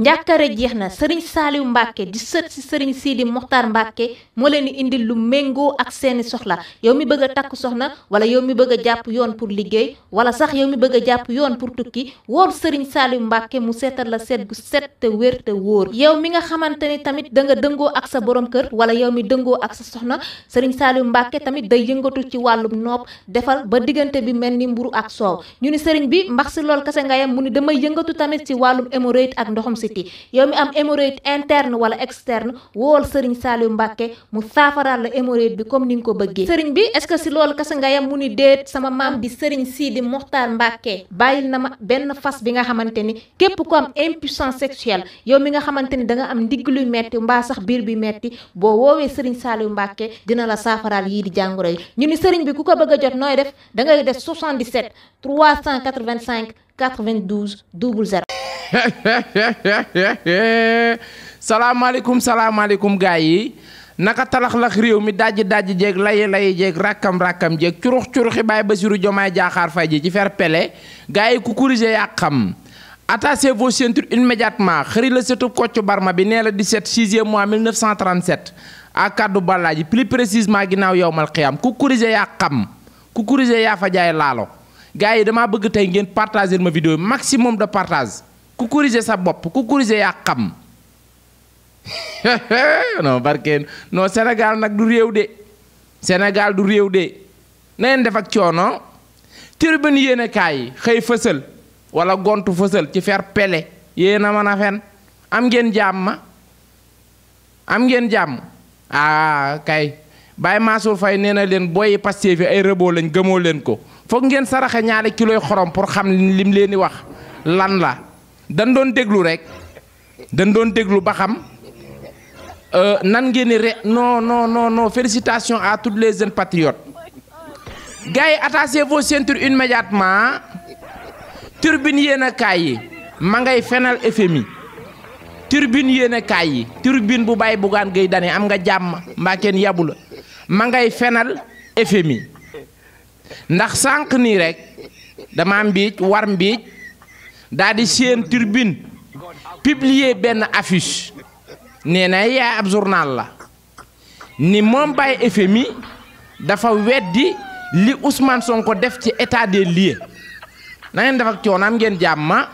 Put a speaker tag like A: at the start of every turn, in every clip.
A: njàkkare jeex na sëriñ saaliw mbàkke di sët si sëriñ siidi moxtaar mbàkke moo leen di indi lu méngoo ak seeni soxla yow mi bëgg a takk soxna wala yow mi bëgg a jàpp yoon pour liggéey wala sax yow mi bëgg a jàpp yoon pour tukki wool sëriñ saaliw mbàkke mu seetal la seet gu wér te wóor yow mi nga xamante ni tamit da nga dëngoo ak sa borom kër wala yow mi dëngoo ak soxna sëriñ saaliw mbàkke tamit day yëngatu ci wàllum nopp defal ba diggante bi mel ni mburu ak soow ñu ni sëriñ bi mbax si lool kase nga yam mu ni damay yëngatu tamit ci wàllum hémorroïde ak ndoxum si yow mi am hémorroïde interne wala externe wool sëriñ Saliou Mbacke mu saafaraal la hémorroïde bi comme ni nga ko bëggee sëriñ bi est-ce que si loolu kese nga yam mu ni déet sama maam di sëriñ Sidi Mokhtar Mbacke bàyyil na ma benn fas bi nga xamante ni képp ko am impuissance sexuelle yow mi nga xamante ni da nga am ndigg luy metti mbaa sax biir bi metti boo woowee sëriñ Saliou Mbacke dina la saafaraal yii di jàngoro yi ñu ni sëriñ bi ku ko bëgg a jot nooy def da ngay def 77 385 92 00
B: salaamaaleykum salaamaaleykum gaay yi naka la réew mi dajji dajji jeeg layi layi jeeg rakkam rakkam jeeg curux curuxi baay basiru jomaay jaaxaar fay ji ci fer pele gaay yi ku corriger yaa xam attachez vos ceintures immédiatement xëri la setub kocc barma bi nee la 17 6e mois 1937 à kaddu ballaa ji plus précisément ginnaaw yowmal xiyam ku corriger yaa xam ku corriger yaa fa jaay laalo gars yi damaa bëgg tey ngeen partager ma vidéo maximum de partage ku corriger sa bopp ku corriger yaa xam non barkeen non Sénégal nag du réew de Sénégal du réew de na ngeen def ak coono tribune yéenekaay xëy fësal wala gontu fësal ci fer pele yéen a mën a fen am ngeen jàmm am ngeen jàmm ah kay Baye Mansour fay nee na leen booyi Pastef fi ay rëboo lañ gëmoo leen ko foog ngeen saraxe ñaari kiloy xorom pour xam lim leen di wax lan la. dañ doon déglu rek dañ doon déglu ba xam euh, nan ngeen ni re non non non non félicitations à toutes les jeunes patriotes gars yi attachez vos ceintures immédiatement turbine yéen a kaay yi ma ngay fenal FMI turbine yéen a kaay yi turbine bu bàyyi bugaan gay dane am nga jàmm mbaa kenn yabu la ma ngay fenal FMI ndax sànq nii rek dama mbiic war mbiic daa di seen tribune publier benn affiche nee na yaa ab journal la ni moom Baye FMI dafa weddi li Ousmane Sonko def ci état des lieux na ngeen def ak coonaam ngeen jàmm ma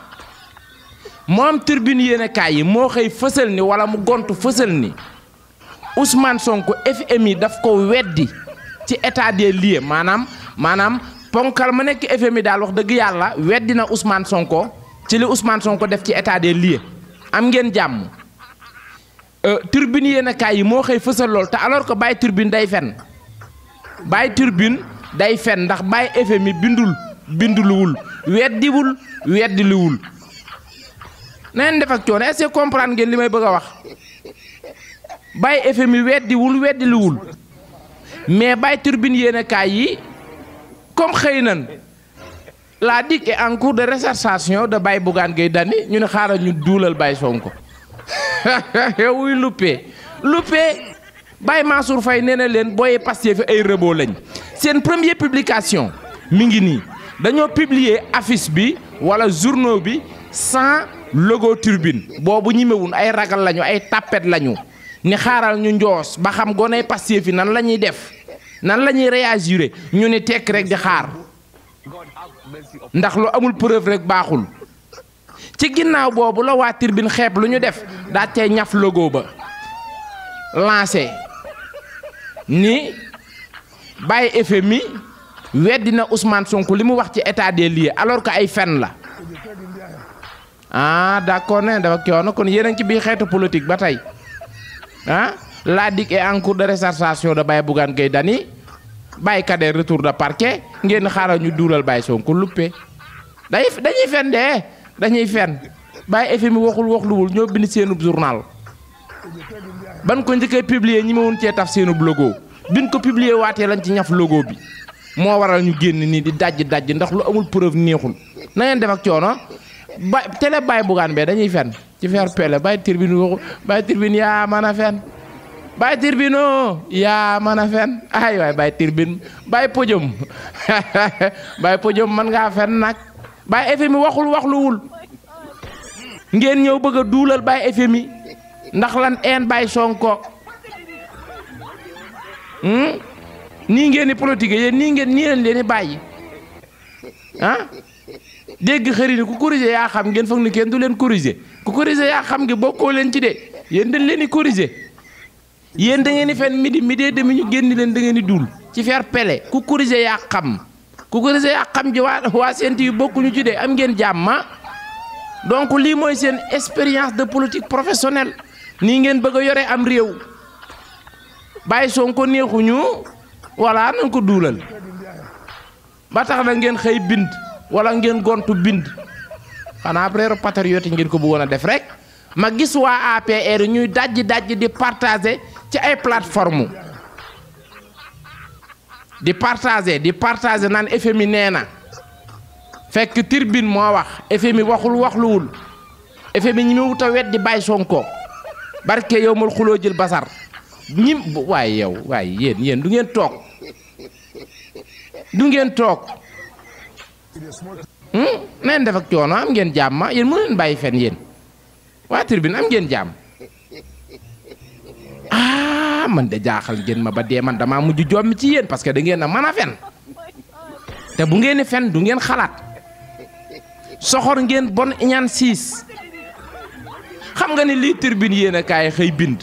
B: moom tribune yéenekaay yi moo xëy fësal ni wala mu gont fësal ni Ousmane Sonko FMI daf ko weddi ci état des lieux maanaam maanaam ponkal ma nekk FMI daal wax dëgg yàlla weddi na usmaan Sonko. ci li Ousmane ko def ci état des lieux am ngeen jàmm euh, turbine yéen a kaay yi moo xëy fësal lool te alors que Baye Turbine day fen Baye Turbine day fen ndax Baye FMI bindul binduluwul weddiwul weddiluwul na ngeen def ak coono est-ce que ngeen li may bëgg a wax Baye FMI weddiwul weddiluwul mais Baye Turbine yéen a kaay yi comme xëy nan la DIC est en cours de récercation de Baye Bougane Gueye Dany ñu ne xaaral ñu duulal Baye Sonko wuy luppee luppee Baye Mansour Faye nee na leen booyee Pastef fi ay rëboo lañ seen première publication mi ngi nii dañoo publier affiche bi wala journaux bi sans logo turbine boobu wun ay ragal lañu ay tappet lañu ni xaaral ñu njoos ba xam goney Pastef fi nan la ñuy def nan la ñuy réagir ñu ni tekk rek di xaar ndax lu amul preuve rek baaxul ci ginnaaw boobu la waa Tribune xeeb lu ñu def daa cee ñaf logo ba lancé ni bàyyi FMI weddi na Ousmane Sonko li mu wax ci état des lieux alors que ay fen la ah d'accord ne dafa kii kon yéen a ci biir xeetu politique ba tey ah la DIC est en cours de récercation de Baye Bougane Gueye Dany bàyyi Kader retour de parquet ngeen xaaral ñu duulal bàyyi Sonko luppe day dañuy fen de dañuy fen bàyyi FMI waxul wax luwul ñoo bind seenub journal ban ko njëkkee publier ñi ma woon cee taf seenub logo biñ ko publier waatee lañ ci ñaf logo bi moo waral ñu génn nii di dajj dajj ndax lu amul preuve neexul na ngeen def ak coono ba télé bàyyi bugaan bee dañuy fen ci fer pele bàyyi tribune waxu bàyyi tribune yaa mën a fen bay turbinoo yaa mën a fen ay waay bay turbin bay pojom bay pojom man ngaa fen nag bay FMI waxul waxluwul ngeen ñëw bëgg a duulal bay FMI ndax lan een bay Sonko hmm? nii ngeen di politique yéen nii ngeen nii lañ leen di bàyyi ah? dégg xëri ku corriger yaa xam ngeen foog ni kenn du leen corriger ku corriger yaa xam ngi bokkoo leen ci de yéen dañ leen di corriger yéen da ngeen di fen midi midi demi ñu génn leen da ngeen di dul ci fer pele ku corriger yaa xam ku corriger yaa xam ji waa waa sent yu bokkuñu ci de am ngeen ma ah? donc lii mooy seen expérience de politique professionnelle nii ngeen bëgg a yore am réew bàyyi Sonko neexuñu walla nañ ko duulal ba tax na ngeen xëy bind walla ngeen gontu bind xanaa après patriote ngeen ko bëggoon a def rek ma gis waa APR ñuy dajji dajji di partager. ci ay plateforme di partager di partager naan FMI nee na fekk Tribune moo wax FMI waxul waxluwul FMI ñi mu wut a wet di bàyyi Sonko barke yow mal jël basar ñim waaye yow waaye yéen yéen du ngeen toog du ngeen toog hmm? neen def ak coono am ngeen ma yéen mu leen bàyyi fen yéen waa Tribune am ngeen jàmm ah man de jaaxal ngeen ma ba dee man damaa mujj jommi ci yéen parce que da ngeen a mën a fen te bu ngeen fen du ngeen xalaat soxor ngeen bon ñaan siis xam nga ni lii turbine yéen a kaay xëy bind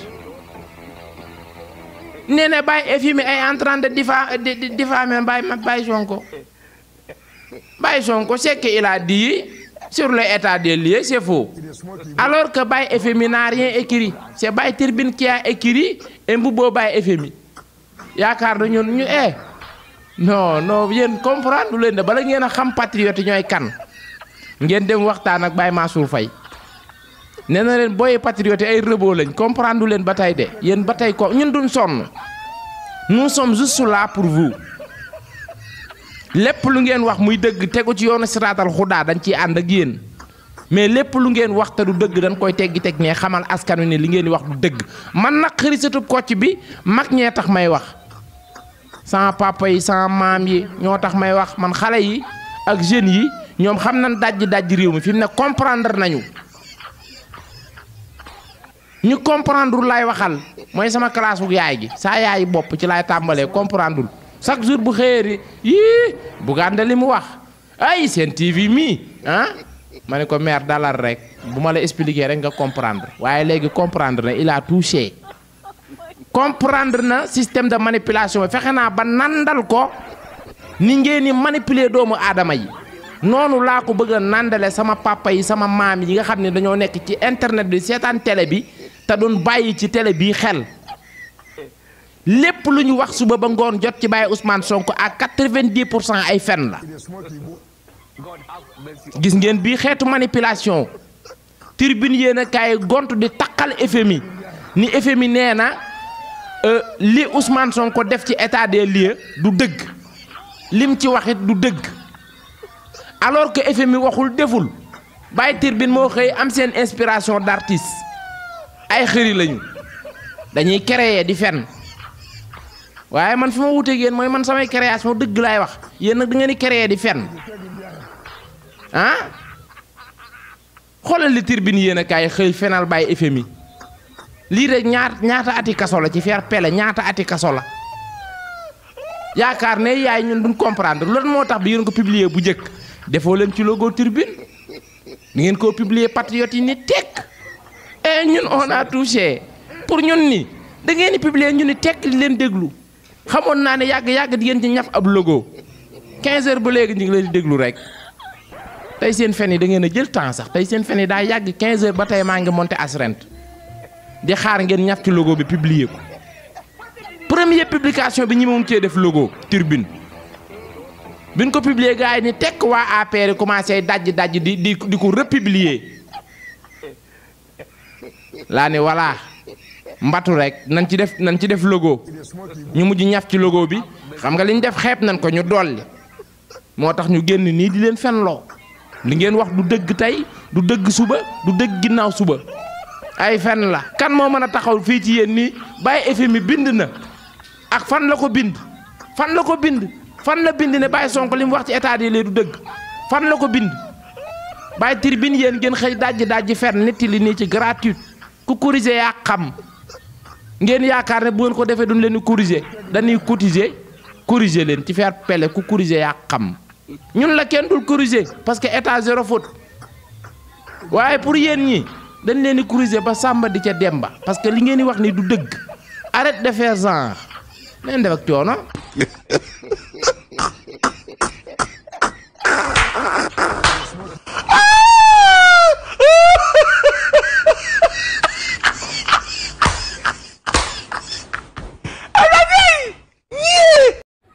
B: nee na Baye FMI est en de diffa diffamer Baye Sonko Baye Sonko c'est qu'il a dit sur l'état des lieux, c'est faux. Alors que Baye FMI n'a rien écrit. C'est Baye Turbine qui a écrit et Mboubo Baye FMI. Yakar nous ñun eh non non bien comprendre vous ne pas a xam patriote pas kan na patriote comprendre nous sommes juste là pour vous. lépp lu ngeen wax muy dëgg tegu ci yoonu siraatal xudaa dañ ciy ànd ak yéen mais lépp lu ngeen wax te du dëgg dañ koy teggi teg ne xamal askan wi ne li ngeen di wax du dëgg man nag xërisatub kocc bi mag ñee tax may wax sama papa yi sama maam yi ñoo tax may wax man xale yi ak jeunes yi ñoom xam na dajj dajj réew mi fi mu ne comprendre nañu ñu comprendre lay waxal mooy sama classe yaay gi saa yaay bopp ci laay tàmbalee comprendre chaque jour bu xëyee yii bu li mu wax ay seen TV mii ah ma ne ko maire dalal rek bu ma la expliquer rek nga comprendre waaye léegi comprendre na il a touché comprendre na système de manipulation bi fexe naa ba nandal ko ni ngeen ni manipuler doomu aadama yi noonu laa ko bëgg a nandale sama papa yi sama maam yi nga xam ne dañoo nekk ci internet bi seetaan tele bi te doon bàyyi ci tele bii xel. lépp lu ñu wax suba ba ngoon jot ci bàyyi Ousmane Sonko à quatre-vingt-dix pour cent ay fen la gis ngeen bii xeetu manipulation tribune yéen a kaay gont di taqal FMI ni FMI nee na euh, li Ousmane Sonko def ci état des lieux du dëgg lim ci waxit du dëgg alors que FMI waxul deful bàyyi tribune moo xëy am seen inspiration d'artiste ay xëri lañu dañuy créer di fen waye man fuma wuté yeen moy man samay création deug lay wax yeen nak da ngeen di créer di fenn ah xolal li turbine yeen a kaay xëy fenal bay FMI li rek ñaar ñaata ati kasso la ci faire pelé ñaata ati kasso la yaakar ne yaay ñun duñ comprendre loolu moo tax bi yeen ko publier bu jekk defo leen ci logo turbine ni ngeen ko publier patriote ni tek et eh, ñun on a touché pour ñun ni da ngeen di publier ñun ni tek li leen deglu xamoon naa ne yàgg yàgg di ngeen ci ñaf ab logo 15 ba léegi ñu ngi leen di déglu rek tey seen fen yi da ngeen a jël temps sax tey seen fen yi daa yàgg 15 ba tey maa ngi monte asrent di xaar ngeen ñaf ci logo bi publier ko première publication bi ñi moom cee def logo turbine biñ ko publier gars yi ni tekk waa APR yi commencé dajj dajj di di di ko republier laa ne voilà. mbatu rek nañ ci def nañ ci def logo ñu mujj ñaf ci logo bi xam nga li ñu def xeep nañ ko ñu dolli moo tax ñu génn nii di leen fenloo li ngeen wax du dëgg tey du dëgg suba du dëgg ginnaaw suba ay fen la. kan moo mën a taxaw fii ci yéen nii Baye FMI bind na ak fan la ko bind fan la ko bind fan la bind ne Baye sonk li mu wax ci état yi du dëgg fan la ko bind Baye Tribune yéen ngeen xëy dajji dajji fen nit li nii ci gratuite ku corriger yaa xam. ngeen yaakaar ne bu ko defee duñ leen di corriger dañuy cotiser corriger leen ci faire pele ku corriger yaa xam ñun la kenn dul corriger parce que état zéro faute waaye pour yéen ñi dañ leen di ba sàmba di ca demba parce que li ngeen di wax nii du dëgg arrête de faire genre leen def ak coono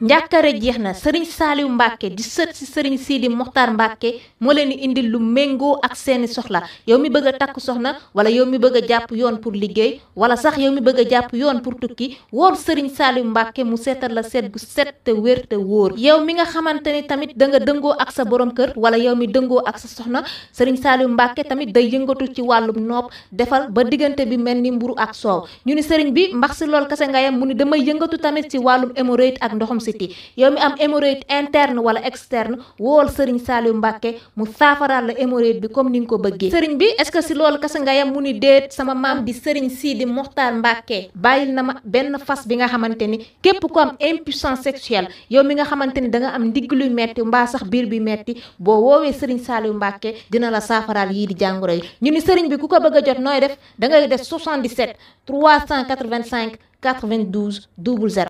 A: njàkkare jeex na sëriñ Saaliw Mbàkke di sët si sëriñ Siidi Moxtaar Mbàkke moo leen di indi lu méngoo ak seeni soxla yow mi bëgg a takk soxna wala yow mi bëgg a jàpp yoon pour liggéey wala sax yow mi bëgg a jàpp yoon pour tukki wóor sëriñ Saaliw Mbàkke mu seetal la seet gu wér te wóor yow mi nga xamante ni tamit da dëngoo ak sa borom kër wala yow mi dëngoo ak soxna sëriñ Saaliw Mbàkke tamit day yëngatu ci wàllum nopp defal ba diggante bi mel ni mburu ak soow ñu ni sëriñ bi mbax si lool kase nga yem mu ni damay yëngatu tamit ci wàllum hémorroïde ak ndoxum si métti yow mi am hémorroïde interne wala externe wool sëriñ Saliou Mbacke mu saafaraal la hémorroïde bi comme ni nga ko bëggee sëriñ bi est-ce que si loolu kese nga yem mu ni déet sama maam di sëriñ Sidi Mokhtar Mbacke bàyyil na ma benn fas bi nga xamante ni képp ko am impuissance sexuelle yow mi nga xamante ni da nga am ndigg luy metti mbaa sax biir bi metti boo woowee sëriñ Saliou Mbacke dina la saafaraal yii di jàngoro yi ñu ni sëriñ bi ku ko bëgg a jot nooy def da ngay def 77 385 92 00